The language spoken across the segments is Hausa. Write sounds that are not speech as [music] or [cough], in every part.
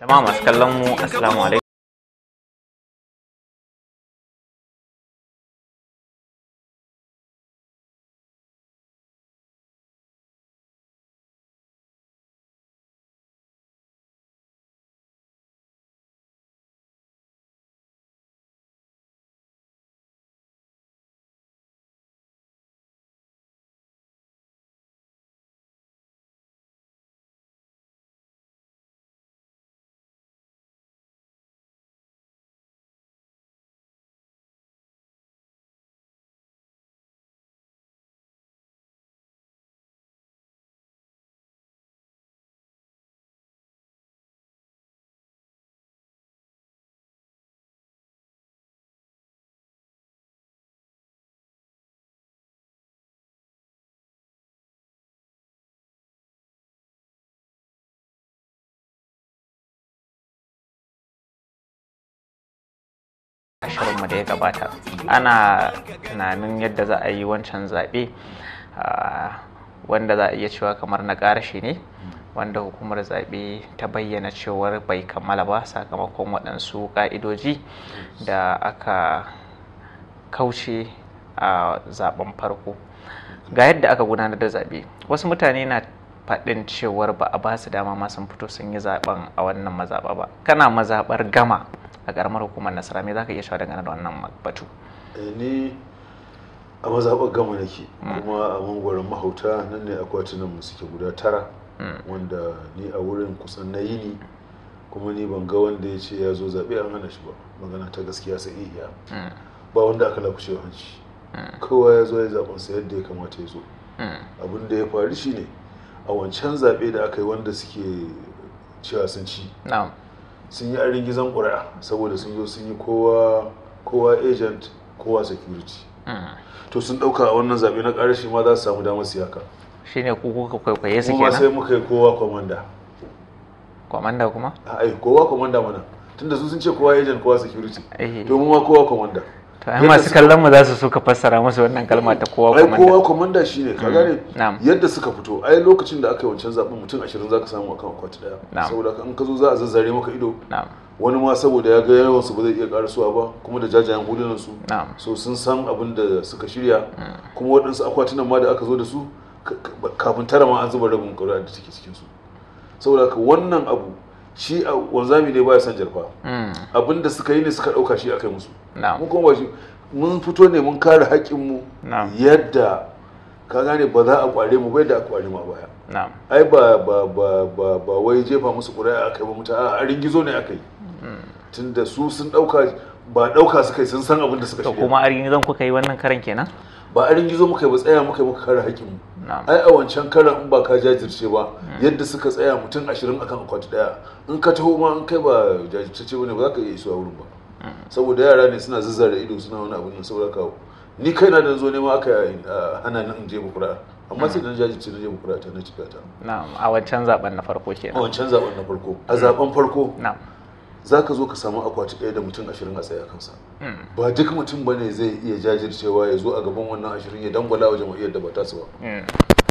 تمام ما أتكلموا السلام عليكم ashirinmu da ya gabata ana tunanin yadda za a yi wancan zaɓe ah, wanda za a iya cewa kamar na shi ne wanda hukumar zaɓe ta bayyana cewar bai kammala ba sakamakon waɗansu ƙa'idoji da aka kauce a zaɓen farko ga yadda aka gudanar da zaɓe wasu mutane na faɗin cewar ba a ba su dama masu fito sun yi zaɓen a wannan mazaɓa ba kana mazaɓar gama a karamar hukumar nasara me za ka iya shawo dangane da wannan batu eh, ni a mazaɓar gama nake hmm. kuma a mangwaron mahauta nan ne akwatunan mu suke guda tara hmm. wanda ni a wurin kusan na yini kuma ni ban ga wanda ya ce ya zo zaɓe an hana shi ba magana ta gaskiya sai iya hmm. ba wanda aka lakushe hanci kowa ya zo ya zaɓen sa yadda ya kamata ya zo abin da ya faru shine a wancan zaɓe da aka yi wanda suke cewa sun ci sun yi arin gizan ƙuri'a saboda sun zo sun yi kowa kowa agent kowa security hmm. to sun ɗauka a wannan zaɓe na ƙarshe ma za su samu damar siyaka shi ne kuku kuka kwaikwaye su kenan nan? sai muka yi kowa kwamanda kwamanda kuma ai kowa kwamanda mana tunda sun ce kowa agent kowa security eh. to mu ma kowa kwamanda to ai masu kallon mu za su suka fassara musu wannan kalma ta kowa komanda ai kowa komanda shine ka gane mm, yadda suka fito ai lokacin da aka yi wancan zaben mutum 20 zaka samu akan kwat daya saboda in ka zo za a zazzare maka ido wani ma saboda ya ga yawan su ba zai iya karasuwa ba kuma da jajayen hulunan su so sun san abin da suka shirya mm. kuma waɗansu akwatunan ma da aka zo da su kafin tara ma an zuba rabin ƙuri'a da take cikin su saboda ka wannan abu shi a wanzami ne baya son jarfa hmm. abinda suka yi ne suka dauka shi akai musu mun kuma shi mun fito ne mun kare haƙƙin mu yadda ka gane ba za a kware mu bai da a kware mu baya ai ba ba ba ba ba wai jefa musu ƙuri'a akai ba mutu a ringizo ne akai hmm. tunda su sun dauka ba dauka suka yi sun san abin da suka shi. kuma a ringizon kuka yi wannan karan kenan ba a ringizo muka yi ba tsaya muka yi muka kare haƙƙin mu ai a wancan karan in ba ka jajirce ba hmm. yadda suka tsaya mutum ashirin akan akwati daya in ka taho ma in kai ba jajirce ba ne ba za ka iya isuwa wurin ba hmm. saboda yara ne suna zazzara ido suna wani abin saboda kawo ni kai na da zo ne ma aka hana ni in je kura amma hmm. sai dan jajirce na je kura ta na cika ta a wancan zaben na farko kenan a wancan zaben na farko a zaben farko na'am za ka zo ka samu akwati ɗaya da mutum ashirin a tsaye kansa hmm. ba duk mutum bane zai iya jajircewa ya zo a gaban wannan ashirin ya dangwala wa jama'iyyar da ba ta ba hmm.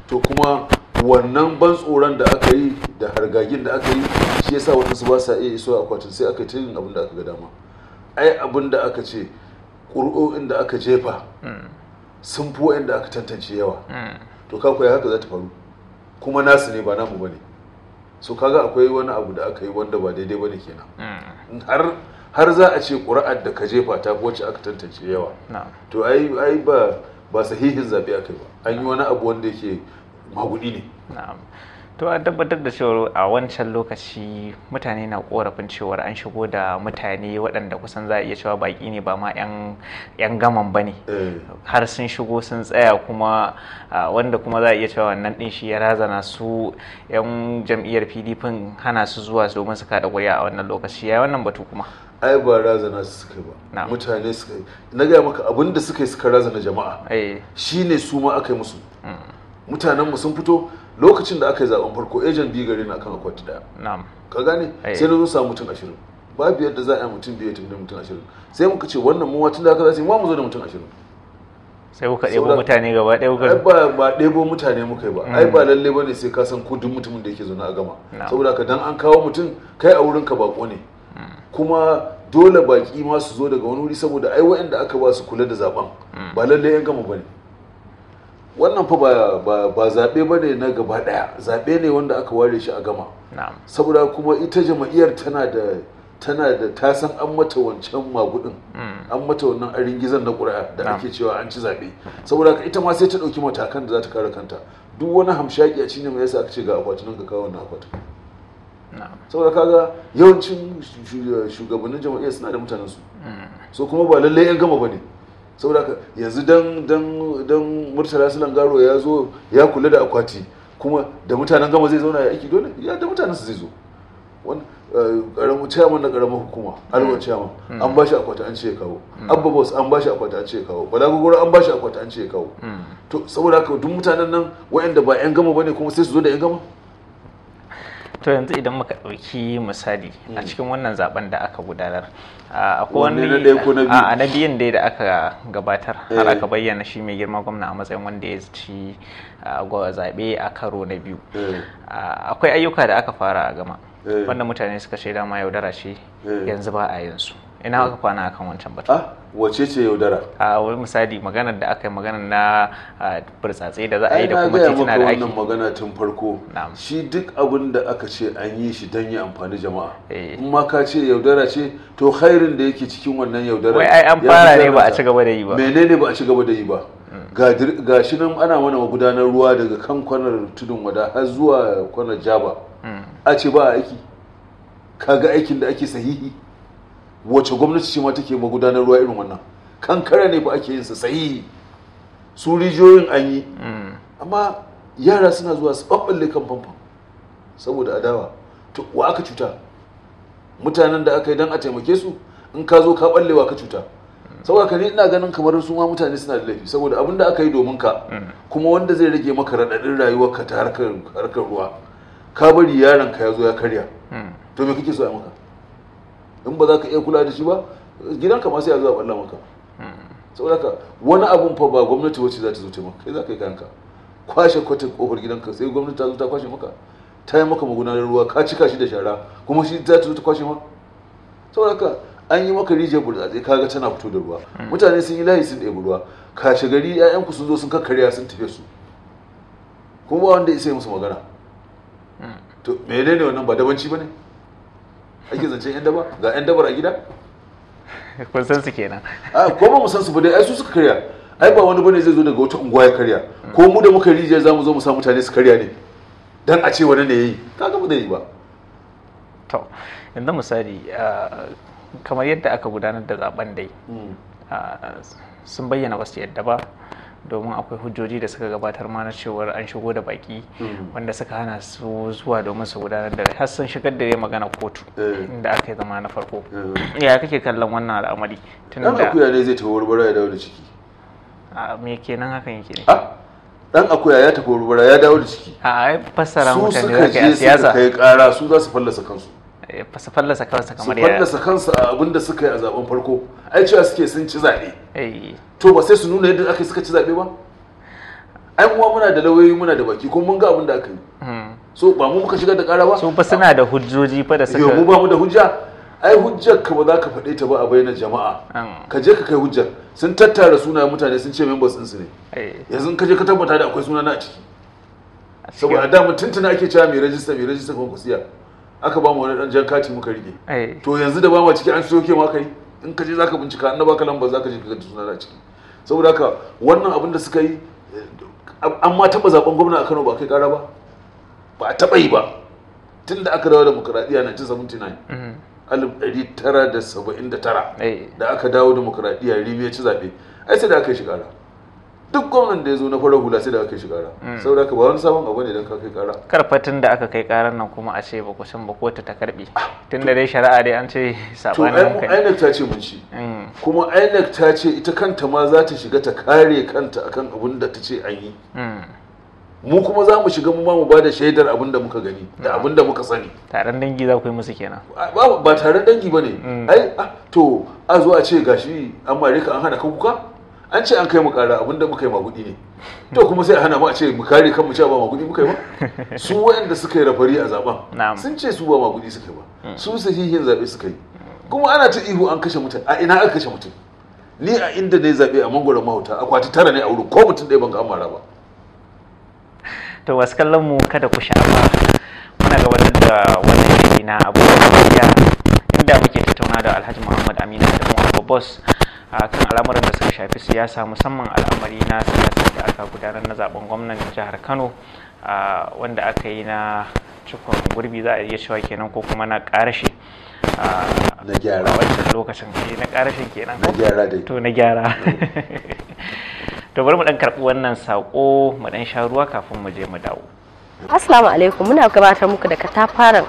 to kuma wannan ban tsoron da aka yi da hargagin da aka yi shi yasa waɗansu ba sa iya iso akwatin sai aka yi tilin abin da aka ga dama ai abin da aka ce ƙuri'o'in da aka jefa hmm. sun fi da aka tantance yawa to kakwai haka za ta faru kuma nasu ne ba namu ba ne so kaga akwai wani abu da aka yi wanda ba daidai ba bane kenan hmm. har har za a ce ƙuri'ar da ka jefa ta wacce aka tantance yawa to ai ai ba sahihin zaɓe aka yi ba an yi wani abu wanda yake magudi ne to a tabbatar da cewa a wancan lokaci mutane na korafin cewar an shigo da mutane waɗanda kusan za a iya cewa baƙi ne ba ma 'yan gaman ba ne eh. har sun shigo sun tsaya kuma wanda kuma za a iya cewa wannan ɗin shi ya razana su 'yan jam'iyyar pdp hana su zuwa domin su kaɗa ƙuri'a a wannan lokaci ya wannan batu kuma ai ba razana su suka ba mutane suka yi na gaya maka abin da suka yi suka razana jama'a eh. shine su ma aka yi musu mm. mutanen mu sun fito lokacin da aka yi zaben farko agent biyu gari na kan akwati daya ka gane sai na zo samu mutum ashirin babu yadda za a yi mutum biyu ya tafi mutum ashirin sai muka ce wannan mu watan da aka zasu yi mu zo da mutum ashirin sai kuka ɗebo mutane gaba ɗaya kuka ba ba ɗebo mutane muka yi ba ai mm. ba lalle bane sai ka san ko duk mutumin da yake zo na gama saboda ka dan an kawo mutum kai a wurin ka bako ne mm. kuma dole baki ma su zo daga wani wuri saboda ai wa'anda aka ba su kula da zaben mm. ba lalle yan gama bane wannan fa ba zaɓe ba ne na gaba ɗaya zaɓe ne wanda aka ware shi a gama saboda kuma ita jama'iyar tana da tana da ta san an mata wancan magudin mm. an mata wannan aringizan na ƙuri'a da ake cewa an ci zaɓe saboda ita ma sai ta ɗauki matakan da za ta kare kanta duk wani hamshaki a cinye mai yasa aka ce ga akwatunan ga kawo na akwatin saboda kaga yawancin shugabannin jama'iyyar suna da mutanen su mm. so kuma ba lallai yan gama ba ne saboda haka yanzu dan dan dan murtala sulan garo ya zo ya kula da akwati kuma da mutanen gama zai zauna ya aiki dole ya da mutanen su zai zo eh, karamu ciyaman na karamar hukuma alwa hmm. ciyaman hmm. an bashi akwata an ce kawo hmm. abba boss an bashi akwata an ce kawo bala gogoro an bashi akwata an ce kawo to saboda haka duk mutanen nan wayanda ba yan gama bane kuma sai su zo da yan gama to yanzu idan muka ɗauki misali a hmm. cikin wannan zaben da aka gudanar a na biyun dai da aka gabatar har aka eh. bayyana shi mai girma gwamna a matsayin wanda ya ci zaɓe a karo na biyu eh. akwai ayyuka da aka fara a gama eh. wanda mutane suka shaida ma yaudara ce yanzu ba a yin ina aka kwana akan wancan batu ah wace ce yaudara a wani misali maganar da aka yi maganar na burtsatse da za a yi da kuma titina da ake wannan magana tun farko shi duk abin da aka ce an yi shi don yi amfani jama'a eh. in ma ka ce yaudara ce to khairin da yake cikin wannan yaudara wai ai an fara ne ba a ci gaba da yi ba menene ba a ci gaba da yi ba hmm. ga shi nan ana mana magudanar ruwa daga kan kwanar tudun wada har zuwa kwanar jaba hmm. a ce ba aiki kaga aikin da ake sahihi wace gwamnati ce ma take magudanar ruwa irin wannan kankara ne ba ake yin sa sai su rijiyoyin an yi hmm. amma yara suna zuwa su ɓaɓɓalle kan famfon saboda adawa to wa aka cuta mutanen da aka yi don a taimake su in ka zo ka ɓallewa ka cuta hmm. saboda ka ina ganin kamar su ma mutane suna da laifi saboda abin da aka yi domin ka hmm. kuma wanda zai rage maka raɗaɗin rayuwar ka ta harkar ruwa ka bari yaron ka ya zo ya karya to me kake so a maka in ba za ka iya kula da shi ba gidanka ma sai a zuwa balla maka saboda ka wani abun fa ba gwamnati wacce za ta zo taimaka kai za ka yi kanka kwashe kwatin kofar gidanka sai gwamnati ta zo ta kwashe maka ta yi maka magudanar ruwa ka cika shi da shara kuma shi za ta zo ta kwashe ma saboda ka an yi maka rijiyar burtsatse kaga tana fito da ruwa hmm. mutane sun yi layi sun ɗebi ruwa kashe gari 'ya'yanku sun zo sun kakkarya sun tafe su kuma ba wanda isa musu magana hmm. to menene wannan ba dabanci ba ne ake zancen yan daba ga yan dabar a gida kun san su kenan a ko ba mu san su ba dai ai su suka karya ai ba wani bane zai zo daga wata unguwa ya karya ko mu da muka rijiya zamu zo mu sa mutane su karya ne dan a ce wani ne yayi Ta ga da yi ba to yanzu misali kamar yadda aka gudanar da zaben dai hmm. sun bayyana wasu yadda ba domin akwai hujjoji da suka gabatar mana cewar an shigo da baki hmm. wanda suka hana su zuwa domin su gudanar da har sun shigar da ya magana kotu eh. inda aka yi zama na farko eh. ya kake kallon wannan al'amari tun da akuya ne zai tafi warbara ya dawo da ciki a me kenan hakan yake ne dan akuya ya tafi warbara ya dawo da ciki a fassara mutane da siyasa su suka je suka kai kara su za su fallasa kansu su fallasa kansa kamar ya fallasa kansa a abin da suka yi a zaben farko ai cewa suke sun ci zaɓe to ba sai su nuna yadda aka suka ci zaɓe ba ai kuma muna da lauyoyi muna da baki kuma mun ga abin da aka yi hmm. so ba mu muka shigar da ƙara ba su fa suna da hujjoji fa da suka yo mu ba mu da hujja ai hujjar ka ba za ka faɗe ta ba a bayyana jama'a hmm. ka je ka kai hujjar sun tattara sunayen mutane sun ce members ɗinsu ne yanzu ka je ka tabbata da akwai suna na ciki saboda da mutuntuna ake cewa mai rajista mai rajista kuma ku siya aka ba mu wani dan jankati muka rige eh. to yanzu da ba mu ciki an soke ke kai in ka je zaka bincika an na baka lamba zaka je ka ga suna da ciki saboda haka wannan abin da suka yi an ma taba zaben gwamna a Kano ba kai kara ba ba a taba yi ba tun da aka dawo na 1979 1979 da aka dawo demokradiya ribe ci zabe ai sai da aka yi shi kara duk gwamnan da ya zo na farar hula sai da aka shi ra mm. saboda ka ba wani sabon abu ne don ka kai kara karfatin da aka kai karan nan kuma a ce ba san ba kotu ta karbi tun da dai shari'a dai an ce sabanin kai to INEC ta ce mun ci mm. kuma INEC ta ce ita kanta ma za ta shiga ta kare kanta akan abun da ta ce an yi mm. mu kuma za mu shiga mu ma mu ba da shaidar abin da muka gani da abin da muka sani taron dangi za ku yi musu kenan ba taron dangi ba ne ai ah, to a zo a ce gashi an marika an hana ka kuka an ce an kai mu kara abinda muka yi magudi ne to kuma sai a hana mu a ce mu kare kanmu cewa ba magudi muka yi ba [laughs] su wayanda suka yi rafari a zaben sun ce su ba magudi suka yi ba mm. su sahihin zabe suka yi kuma ana ta ihu an kashe mutum a ina aka kashe mutum ni a inda ne zabe a mangwaron mahauta akwati tara ne a wurin ko mutum ɗaya ban ga amara ba to wasu kallon mu kada ku sha'awa muna gabatar da wannan shiri na abubuwan inda muke tattauna da alhaji muhammad aminu da mu boss a kan al'amuran da suka shafi siyasa musamman al'amari na siyasa da aka gudanar na zaben gwamnan jihar kano wanda aka yi na cikon gurbi za a iya cewa kenan ko kuma na karashe na gyara wancan lokacin eh, na karashe kenan na gyara dai to na gyara [laughs] to bari mu dan karbi wannan sako mu dan sha ruwa kafin mu je mu dawo assalamu alaikum muna gabatar muku da katafaren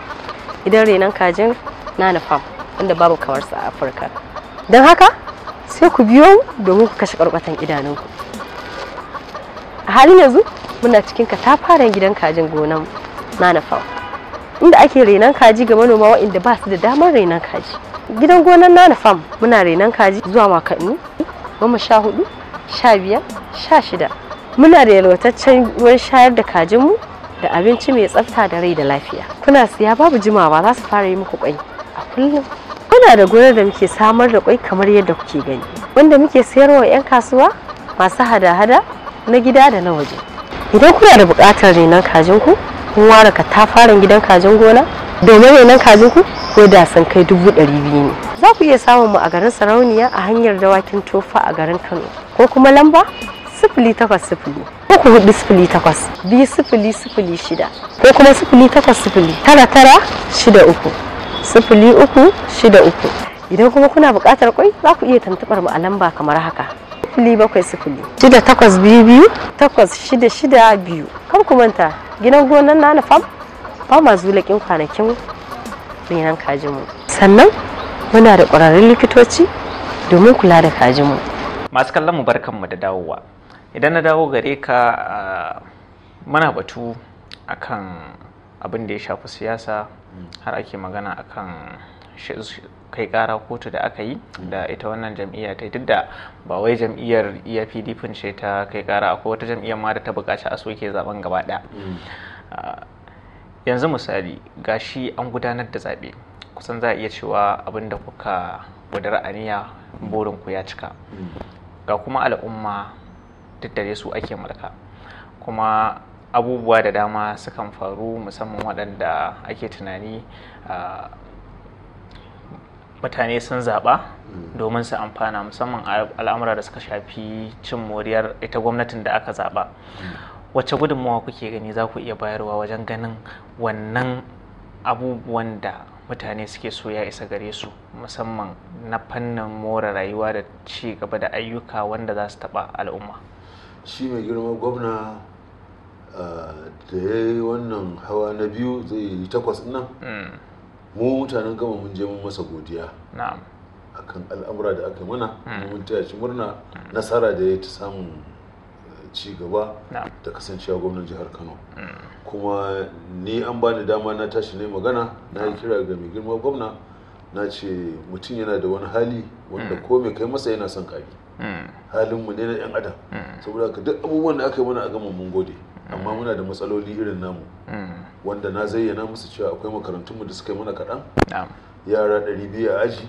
idan renan kajin na farm wanda babu kawarsa a afirka don haka sai ku biyo domin ku kashe karbatan idanunku a halin yanzu muna cikin katafaren gidan kajin gonan Fam. inda ake renon kaji ga manoma waɗanda ba su da damar renon kaji gidan gonan nanafam muna renon kaji zuwa makanni goma sha hudu sha biyar sha shida muna da yalwataccen ruwan shayar da kajinmu da abinci mai tsafta da rai da lafiya kuna siya babu jimawa za su fara yi muku kwai a kullum muna da gurin da muke samar da kwai kamar yadda kuke gani wanda muke sayarwa 'yan kasuwa masu hada-hada na gida da na waje idan kuna da bukatar renon kajin ku kun ware katafaren gidan kajin gona domin renon kajin ku ko da san kai dubu ɗari biyu ne za ku iya samun mu a garin sarauniya a hanyar dawakin tofa a garin kano ko kuma lamba sifili takwas sifili uku hudu sifili takwas biyu sifili sifili shida ko kuma sifili takwas sifili tara tara shida uku sifili uku shida uku idan kuma kuna buƙatar kwai za ku iya tuntuɓar mu a lamba kamar haka sifili bakwai sifili shida takwas biyu takwas shida shida biyu kar ku manta gidan gonan na fam ba ma zulakin kwanakin renon kajinmu sannan muna da ƙwararrun likitoci domin kula da kajinmu masu kallon mu barkanmu da dawowa idan na dawo gare ka ah, mana batu akan abin da ya shafi siyasa har ake magana a kan kai kara kotu da aka yi da ita wannan jam'iyya ta duk da ba wai jam'iyyar iya e pdp ce ta kai kara akwai wata jam'iyyar ma da ta bukaci a soke zaben gaba daya yanzu misali gashi an gudanar da zaɓe kusan za a iya cewa abin da kuka ƙudura aniya ku ya cika ga kuma al'umma duk da su ake mulka kuma abubuwa da dama sukan faru musamman waɗanda ake tunani mutane sun zaɓa mm. domin su amfana musamman al'amura da suka shafi cin moriyar ita gwamnatin da aka zaɓa mm. wacce gudunmawa kuke gani za ku iya bayarwa wajen ganin wannan abubuwan da mutane suke so ya isa gare su musamman na fannin more rayuwa da ci gaba da ayyuka wanda za su taɓa al'umma shi mai girma gwamna da ya yi wannan hawa na biyu zai yi takwas nan hmm. mu mutanen gama mun je mun masa godiya akan al'amura da aka mana hmm. mun taya shi murna hmm. nasara da ya ta samun eh, ci gaba da kasancewa gwamnan jihar kano kuma ni an bani dama na tashi ne magana na yi kira ga mai girma gwamna na ce mutum yana da wani hali wanda ko mai kai masa yana son kabi halinmu ne na 'yan adam saboda ka duk abubuwan da aka yi mana a gama mun gode amma muna da matsaloli irin namu wanda na zayyana musu cewa akwai makarantunmu da suka yi mana kaɗan yara ɗari biyu a aji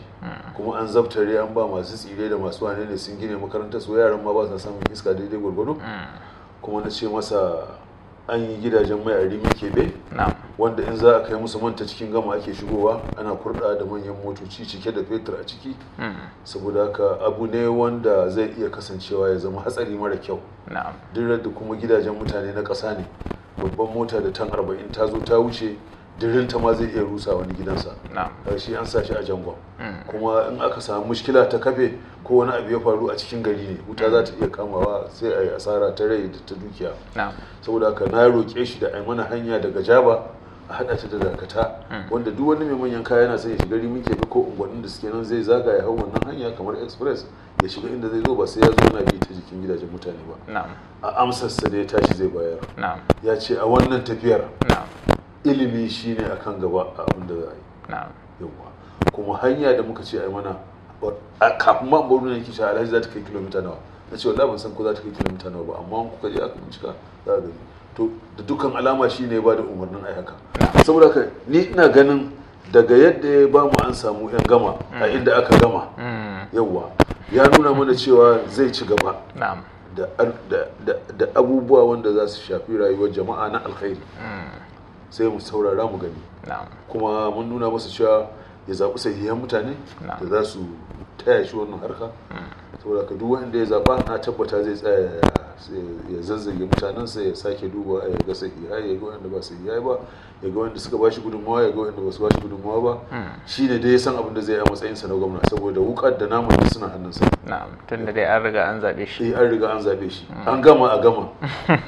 kuma an zabtare an ba masu tsire da masu wane ne sun gine makarantar su yaran ma ba sa samun iska daidai gwargwado kuma na ce masa an yi gidajen mai a rimin kebe wanda in za a kai musu manta cikin gama ake shigowa ana kurda da manyan motoci cike da fetur a ciki hmm. saboda haka abu ne wanda zai iya kasancewa ya zama hatsari mara kyau duk da kuma gidajen mutane na ƙasa ne babban mota da tan arba'in ta zo ta wuce dirinta ma zai iya rusa wani gidansa shi an sa shi a jangon hmm. kuma in aka samu mushkila ta kafe ko wani abu ya faru a cikin gari ne wuta za ta iya kamawa sai a yi asara ta rai da ta dukiya saboda haka na roƙe shi da a mana hanya daga jaba a hada ta da dakata wanda duk wani mai manyan kaya yana son ya shiga rimin kebe ko unguwannin da suke nan zai zaga ya hau wannan hanya kamar express ya shiga inda zai zo ba sai ya zo na bi ta jikin gidajen mutane ba a amsarsa da ya tashi zai bayar ya ce a wannan tafiyar ilimi shine akan gaba a abin da za a yi kuma hanya da muka ce a yi mana kafin ma bari ne yake alhaji za ta kai kilomita nawa na ce wallahi ban san ko za ta kai kilomita nawa ba amma kuka je aka bincika za a gani to da dukkan alama shi ne ba da umarnin a haka saboda haka ni ina ganin daga yadda ya ba mu an samu yan gama a mm. inda aka gama mm. yawwa ya nuna mana cewa zai ci gaba da abubuwa wanda za su shafi rayuwar jama'a na alkhairi mm. sai mu saurara mu gani kuma mun nuna masa cewa ya zaɓi sahihan mutane da za su taya shi wannan harka saboda ka duk wanda ya zaba na tabbata zai tsaya ya zazzage mutanensa ya sake duba ya ga sai ya ga wanda ba sahihai ba ya ga wanda suka ba shi gudunmawa ya ga wanda ba su ba shi gudunmawa ba hmm. shi ne dai san abin da zai yi a sa na gwamna saboda wukar da namun da suna sa. na'am tun da dai an riga an zabe shi eh, an riga an zabe shi hmm. an gama a gama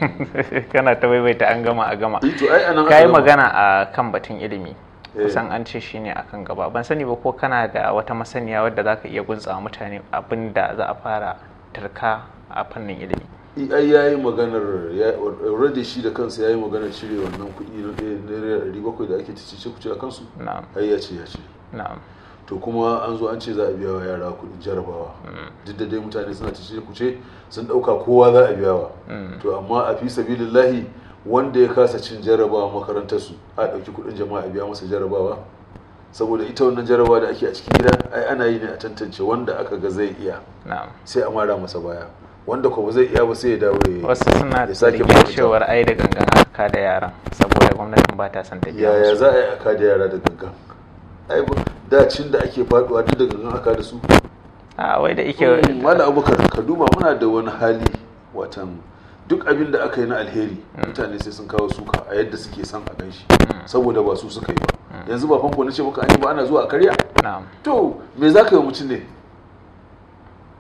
[laughs] kana ta baibaita an gama a gama kai eh, magana a kan batun ilimi kusan eh. an ce shi ne akan gaba ban sani ba ko kana da wata masaniya wadda za ka iya gunsa mutane abin da za a fara tarka a fannin ilimi eh, ai ya yi maganar already shi da kansa ya yi maganar cire wannan kuɗi na eh, naira bakwai da ake cice kuce a kansu ai ya ce ya ce to kuma an zo an ce za a biya wa yara kuɗin jarabawa mm. duk da dai mutane suna cice kuce sun ɗauka kowa za a biya wa mm. to amma a fi sabilillahi wanda ya kasa cin jarabawa makarantarsu a ɗauki kuɗin jama'a biya masa jarabawa saboda ita wannan jarabawa da ake a cikin gida ai ana yi ne a tantance wanda aka ga zai iya sai a mara masa baya wanda ko ba zai iya ba sai ya dawo ya wasu suna da cewar ai da gangan aka da yaran saboda gwamnatin ba ta son ta biya yaya za a yi aka da yara da gangan ai dacin da ake faduwa duk da gangan aka da su a wai da ike wani hmm, abubakar ka duba muna da wani hali watan duk abin da aka yi na alheri mutane sai sun kawo suka a yadda suke son a ganshi saboda ba su suka yi ba yanzu ba fanko na ce maka yi ba ana zuwa a karya to me za ka yi mutum ne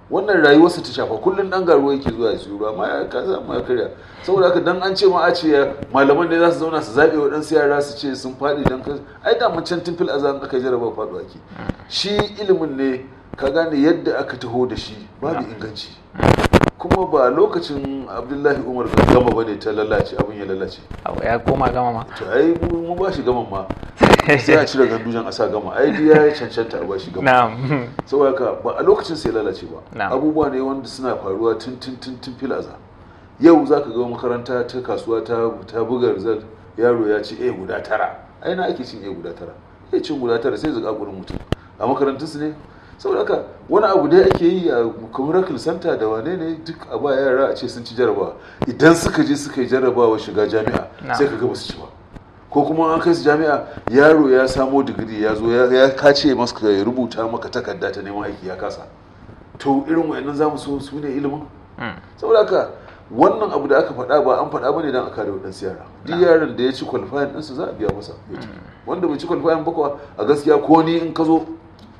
wannan rayuwarsa ta shafa kullum dan garuwa yake zuwa su ruwa ma ya kaza ma karya saboda haka dan an ce ma a ce malaman ne za su zauna su zabe waɗansu yara su ce sun faɗi dan ka ai da mun can tun fil azan aka jaraba faɗuwa ke shi ilimin ne ka gane yadda aka taho da shi babu inganci kuma ba lokacin abdullahi umar ga gama ba ne ta lalace abin ya lalace ya koma gama ma to ai mu ba shi gama ma sai a cire gandujan a sa gama ai ya cancanta a ba shi gama na'am saboda haka ba a lokacin sai lalace ba abubuwa ne wanda suna faruwa tun tun tun tun filaza yau zaka ga makaranta ta kasuwa ta ta buga result yaro ya ci a guda tara ai na ake cin a guda tara ya cin guda tara sai zuga gurin mutum a makarantarsu ne saboda wani abu dai ake yi a commercial santa da wane ne duk a ba yara a ce sun ci jarrabawa idan suka je suka yi wa shiga jami'a sai ka gaba su ci ba ko kuma an kai su jami'a yaro ya samo digiri ya zo ya kace maka ya rubuta maka takarda ta neman aiki ya kasa to irin wayannan zamu so su ne ilimin hmm. saboda haka wannan abu da aka faɗa ba an faɗa bane dan aka da waɗansu yara duk yaron da ya ci qualifying su za a biya masa hmm. wanda bai ci qualifying ba a gaskiya ko ni in ka zo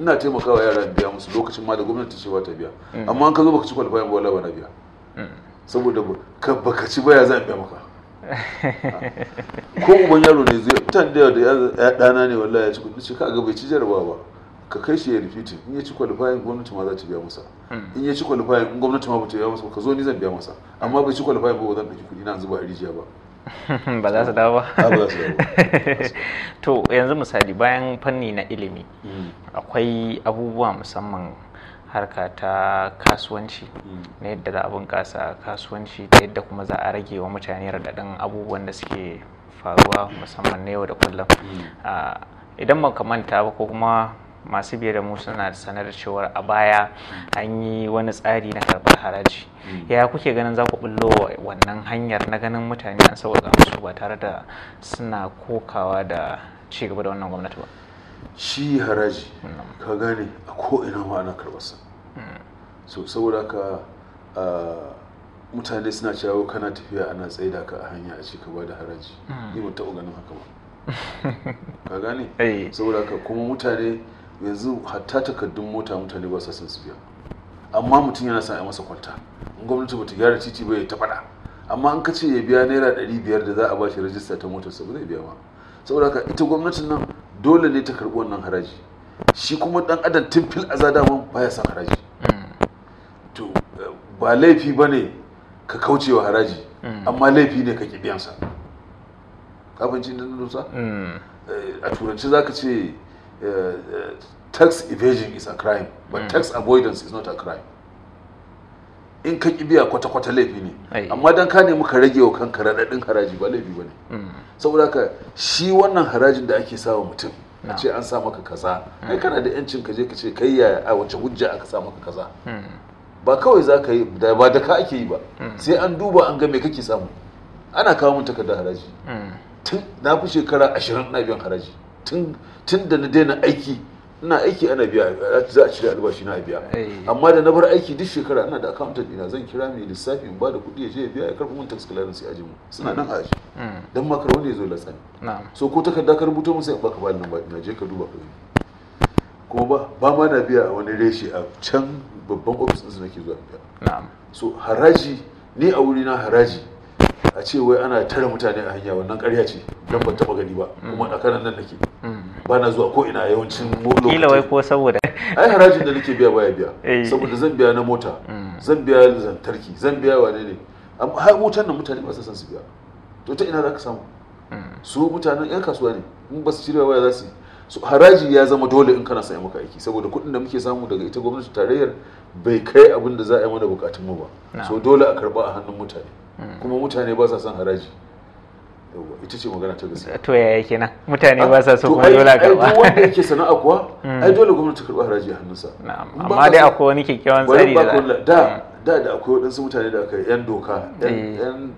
ina taimakawa yara biya musu lokacin ma da gwamnati cewa ta biya mm. amma an ka zo baka ci kwalifayin ba wala ba na biya mm. saboda ka baka ci baya zan biya maka ko uban yaro ne zai tan da yau da ya dana ne wallahi ya ci kudi ce kaga bai ci jarabawa ba ka kai shi ya rifiti in ya ci kwalifayin gwamnati ma za ta biya masa mm. in ya ci kwalifayin gwamnati ma ba ta biya masa ka zo ni zan biya masa amma bai ci kwalifayin ba zan ɗauki kuɗi na zuba a rijiya ba ba za su dawo ba [laughs] to yanzu misali bayan fanni na ilimi mm. akwai abubuwa musamman harka ta kasuwanci mm. na yadda za a bunƙasa kasuwanci ta yadda kuma za a rage wa mutane raɗaɗin abubuwan da suke faruwa musamman na yau da kullum mm. ah, idan ba ka manta ba ko kuma masu biye da mu suna sanar da cewar a baya an yi wani tsari na karɓar haraji mm. ya kuke ganin za ku bullo wannan hanyar na ganin mutane an sauwa musu ba tare da suna kokawa da ci gaba da wannan gwamnati ba shi haraji mm. ka gane a ko'ina ma ana karɓarsa mm. so saboda haka mutane suna cewa kana tafiya ana tsaye da ka a hanya a ka ba da haraji ni ban taɓa ganin haka ba [laughs] ka gane eh. saboda haka kuma mutane yanzu hatta takardun mota mutane ba sa son su biya amma mutum yana sa a masa kwanta. in gwamnati bata gyara titi ba ya ta faɗa amma an ka ce ya biya naira ɗari biyar da za a bashi rajista ta motarsa ba zai biya ba saboda haka ita gwamnatin nan dole ne ta karɓi wannan haraji shi kuma dan adam tun fil aza daman baya son haraji to ba laifi ba ne ka kaucewa haraji amma laifi ne ka ƙi biyansa kafin cin da mm. eh, a turanci zaka ce Uh, uh, tax evasion is a crime but mm. tax avoidance is not a crime in ka biya kwata-kwata laifi ne amma don ka nemi ka rage wa kanka raɗaɗin haraji ba laifi ba ne mm. saboda haka shi wannan harajin da ake sawa mutum a ce an sa maka kaza mm. ai kana da yancin ka je ka ce kai yaya a wace hujja aka sa maka kaza mm. ba kawai za ka yi ba da ka ake yi ba sai an duba an ga me kake samu ana kawo mun takardar haraji tun na fi shekara ashirin na biyan haraji tun da na daina aiki ina aiki ana biya za a cire albashi na biya eh. amma da na bar aiki duk shekara ina da accountant ina zan kira mai lissafi in bada kuɗi ya je ya biya ya karɓi mun tax clearance ya mu suna nan a aji hmm. dan ma karwani ya zo ne. so ko takarda ka rubuta mun sai baka ba nan ba ina je ka duba ka kuma ba ba ma na biya a wani reshe a can babban ofis din su nake zuwa biya so haraji ni a wuri na haraji a ce wai ana tare mutane a hanya wannan ƙarya ce don ban taɓa gani ba kuma mm. a kanan nan nake mm. ba na zuwa ko ina yawancin mota kila wai ko saboda [laughs] ai harajin da nake biya baya biya eh. saboda zan biya na mota mm. zan biya zantarki zan biya wane ne amma har motar nan mutane ba su san su biya to ta ina za ka samu su mutanen yan kasuwa ne in ba su shirya waya za su yi haraji ya zama dole in kana sayan maka aiki saboda kuɗin da muke samu daga ita gwamnati tarayyar bai kai abin da za a yi mana bukatun mu ba so dole a karba a hannun mutane kuma mutane ba sa son haraji ita ce magana ta gaskiya to yaya kenan mutane ba sa so ah, kuma dole karba ai wanda yake sana'a kuwa [laughs] mm. ai dole gwamnati karba haraji a hannunsa amma dai akwai wani kyakkyawan tsari da da mm. da da akwai waɗansu mutane da aka yan doka yan dan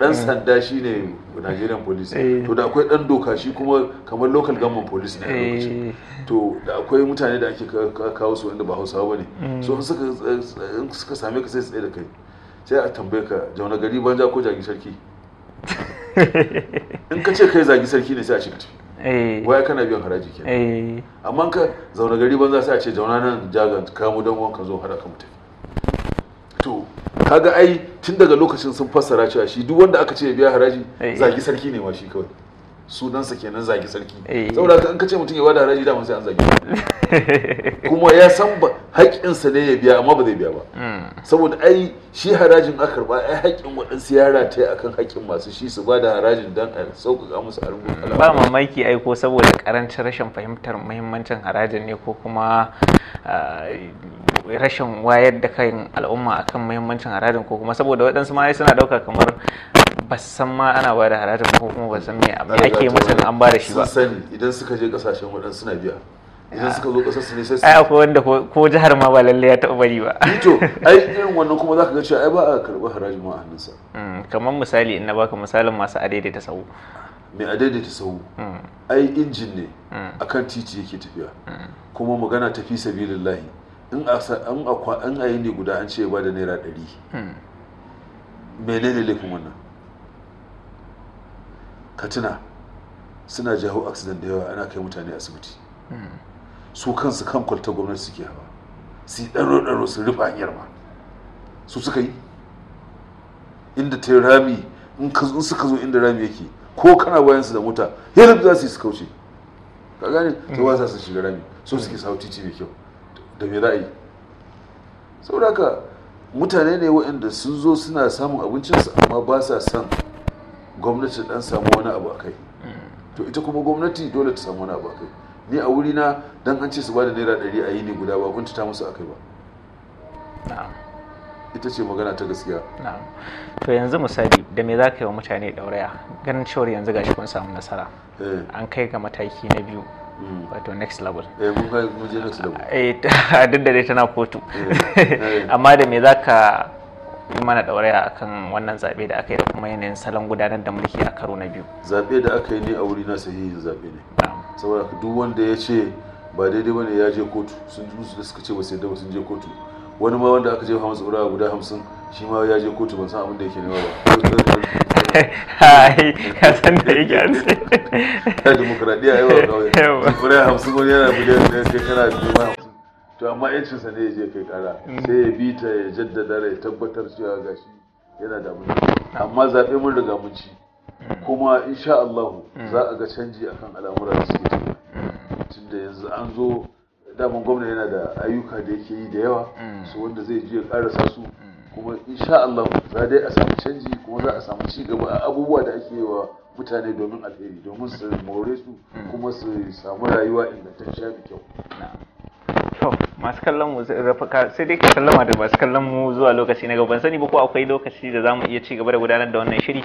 eh. mm. sanda shine Nigerian police eh. to da akwai dan doka shi kuma kamar local government police ne a eh. lokacin to da akwai mutane da ake kawo su wanda ba Hausawa bane so in suka same ka sai tsaye da kai sai a tambaye ka jauna gari banza ko zagi sarki in ka ce kai zagi sarki ne sai a ce ciki. tafi eh. waya kana biyan haraji kenan eh. amma ka zauna gari banza sai a ce jauna nan jagan kamu don wanka zo hada ka mutane to kaga ai tun daga lokacin sun fassara cewa shi duk wanda aka ce biya haraji eh. zagi sarki ne ma shi kawai sunansa kenan zagi sarki eh. saboda ka in ka ce mutum ya wada raji da sai an zagi [laughs] kuma ya san ba haƙƙinsa ne ya biya amma ba zai biya ba hmm. saboda ai shi harajin aka karba ai haƙƙin waɗansu ta yi akan haƙƙin masu shi su ba harajin dan a sauƙaƙa musu a hmm. ba mamaki ai ko saboda karancin rashin fahimtar muhimmancin harajin ne ko kuma eh, rashin wayar da kan al'umma akan muhimmancin harajin ko kuma saboda waɗansu ma suna ɗauka kamar ba san ma ana ba da harajin ko kuma ba san me ake mutum an ba da shi ba sani idan suka je kasashen waɗansu suna biya idan ah. suka zo kasar su ne sai su ai akwai wanda ko jihar ma ba lalle ya taɓa bari ba eh to ai [laughs] irin wannan kuma zaka ga cewa ai ba a karɓar harajin ma a hannunsa hmm, kamar misali in na baka misalin masu adaidaita sahu mai adaidaita sahu hmm. ai injin ne hmm. akan titi yake tafiya kuma magana tafi sabilillahi in a in ayi ne guda an ce ba da naira ɗari menene laifin wannan katina suna jawo accident da yawa ana kai mutane asibiti su kansu kan kwalta gwamnati suke hawa su yi ɗaro-ɗaro su rufe hanyar ma su suka yi inda ta rami in suka zo inda rami yake ko kana bayan su da mota yadda za su yi su kauce ka gane to ba za su shiga rami so suke sa titi mai kyau da me za a yi saboda haka mutane ne waɗanda sun zo suna samun abincinsu amma ba sa son gwamnati dan samu wani abu a kai to ita kuma gwamnati dole ta samu wani abu a kai ni a wuri na dan an ce su bada naira ɗari a yi ne guda ba kunta ta musu a kai ba ita ce magana ta gaskiya to yanzu misali da me za ka yi wa mutane ɗauraya ganin cewar yanzu gashi kun samu nasara eh. an kai ga mataki na biyu hmm. wato next level eh mun kai mun je next level eh [laughs] duk da dai tana kotu eh, eh. [laughs] amma da me za ka yi mana ɗauraya kan wannan zaɓe da aka yi da kuma yanayin salon gudanar da mulki a karo na biyu zaɓe da aka yi ne a wuri na sahihin zaɓe ne saboda duk wanda ya ce ba daidai ba ne ya je kotu sun ji da suka ce ba sai ba sun je kotu wani ma wanda aka je fa masa guda hamsin shi ma ya je kotu ban san abin da yake nema ba hai ka san da yake an sai demokradiya yawa kawai ƙura hamsin wani yana biliyan ɗaya sai yana biyu ma to amma sa ne je kai kara sai ya bi ta ya jaddada rai tabbatar cewa gashi yana da mun amma zaɓe mun riga mun ci kuma insha Allah za a ga canji akan al'amuran da suke tunda yanzu an zo daman gwamna yana da ayyuka da yake yi da yawa su wanda zai je ya karasa su kuma insha Allah za dai a samu canji kuma za a samu ci gaba a abubuwa da ake yi wa mutane domin alheri domin su more su kuma su samu rayuwa ingantacciya da kyau masu kallon mu sai dai ka sallama da masu kallon mu zuwa lokaci na gaban sani ba ko akwai lokaci da zamu iya ci gaba da gudanar da wannan shiri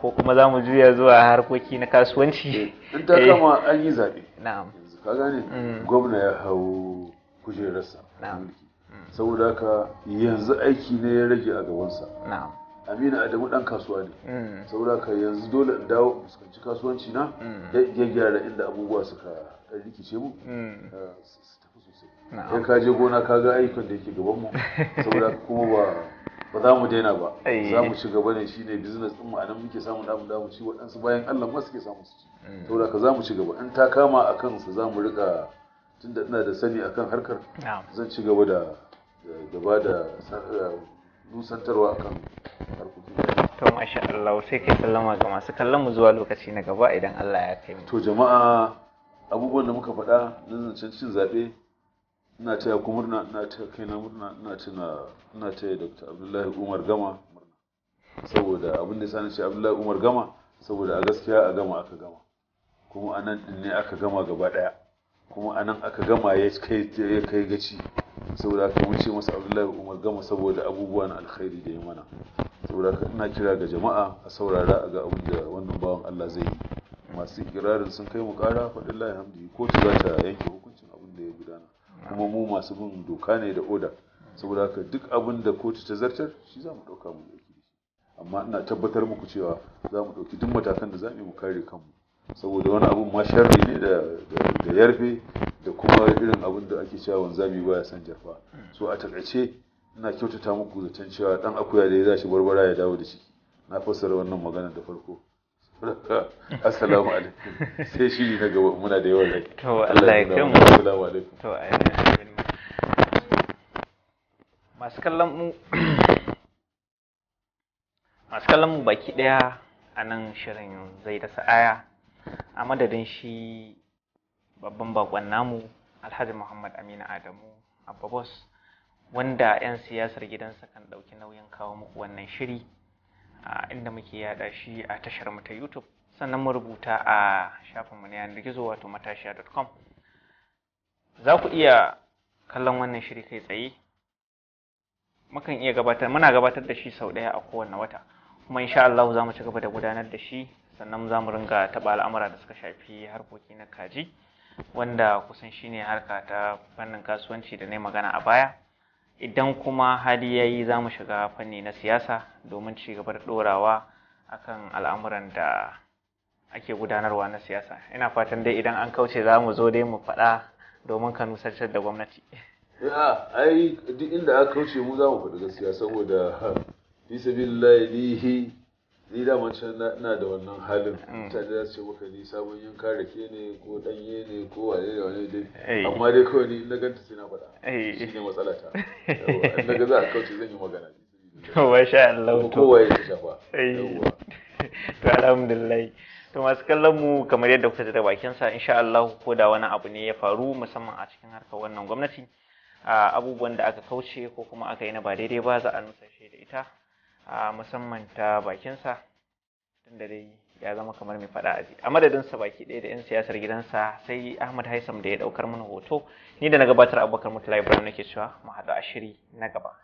ko kuma zamu juya zuwa harkoki na kasuwanci eh, in ta kama eh. an yi zaɓe na'am ka gane mm. gwamna ya hau kujerarsa na'am mm. saboda haka yanzu aiki ne ya rage a gabansa na'am amina Adamu dan kasuwa ne. Mm. Saboda haka yanzu dole in dawo fuskanci kasuwanci na ya gyara inda abubuwa suka rikice mu. Ah, in ka je gona ka ga ayyukan da yake gaban mu saboda kuma ba ba za mu daina ba za mu ci gaba ne shine business din mu anan muke samu da mu da mu ci waɗansu bayan Allah ma suke samu su ci mm. saboda ka za mu ci gaba in ta kama a su za mu rika tunda ina da sani akan harkar zan ci gaba da gaba da nusantarwa akan harkokin to masha Allah sai kai sallama ga masu kallon mu zuwa lokaci na gaba idan Allah ya kai mu to jama'a abubuwan da muka faɗa na zancen cin zaɓe ina taya ku murna ina taya na murna ina tuna ina taya dr abdullahi umar gama saboda abin da sani ce abdullahi umar gama saboda a gaskiya a gama aka gama kuma anan din ne aka gama gaba daya kuma anan aka gama ya kai ya kai gaci saboda ka mun ce masa abdullahi umar gama saboda abubuwa na alkhairi da ya mana saboda ina kira ga jama'a a saurara a ga abin da wannan bawan allah zai yi masu ikirarin sun kai mu kara faɗin lahi hamdi ko ta za ta yanke hukunci kuma mu masu bin doka ne da oda saboda haka duk abin da kotu ta zartar shi za mu ɗauka mu yi amma ina tabbatar muku cewa za mu ɗauki duk matakan da za mu kare kanmu saboda wani abun ma sharri ne da yarfe da kuma irin abin da ake cewa wanzami baya san jarfa so a takaice ina kyautata muku zaton cewa dan akuya da ya zashi barbara ya dawo da shi na fassara wannan magana da farko [laughs] assalamu masu kallon mu [coughs] masu kallon mu baki daya a nan shirin zai da sa'aya a madadin shi babban bakon namu alhaji muhammad aminu adamu abba wanda 'yan siyasar gidansa kan ɗauki nauyin kawo muku wannan shiri inda muke yada shi a tashar mu ta YouTube sannan mu rubuta a mu na yanar gizo wato matashiya.com za ku iya kallon wannan shiri kai tsaye mukan iya gabatar muna gabatar da shi sau ɗaya a kowane wata kuma insha Allah za mu ci gaba da gudanar da shi sannan za mu ringa taba al'amura da suka shafi harkoki na kaji wanda kusan shine harka ta fannin kasuwanci da na magana a baya idan kuma hali ya yi za mu shiga fanni na siyasa domin ci gaba da ɗorawa akan al'amuran da ake gudanarwa na siyasa ina fatan dai idan an kauce za mu zo dai mu faɗa domin ka da gwamnati ai duk inda aka kauce mu za mu faɗi gaskiya saboda fi lalihi. ni da can na da wannan halin mm. mutane za su ce maka ni sabon yanka rake ne ko danye ne ko wane da wane dai eh. amma dai kawai ni na ganta sai na faɗa eh. shi ne matsala ta in na ga za a kauce zan yi magana to wa sha Allah to kowa ya shafa eh. [laughs] to alhamdulillah to masu kallon mu kamar yadda kuka ji da bakin sa insha Allah ko da wani abu ne ya faru musamman a cikin harkar wannan gwamnati abubuwan da aka kauce ko kuma aka yi na ba daidai ba za a nusa da ita a musamman ta bakinsa tunda dai ya zama kamar mai faɗa aji a sa baki ɗaya da 'yan siyasar gidansa sai ahmad haisam da ya ɗaukar mana hoto ni da na gabatar abubakar mutala ibrahim nake cewa mu haɗu a shiri na gaba